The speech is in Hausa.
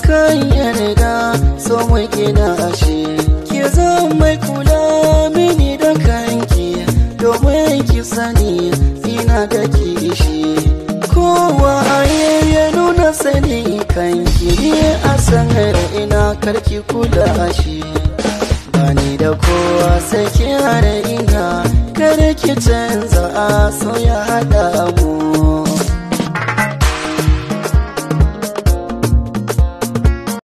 kan yarda so mai ashe ki zan mai kula mini da kanki domin ki sani ina da ishi. kowa a ya nuna sani kanki ne a sanar ina karki kula ashe bani da kowa sai ki hare ina kada ki canza a so hada mu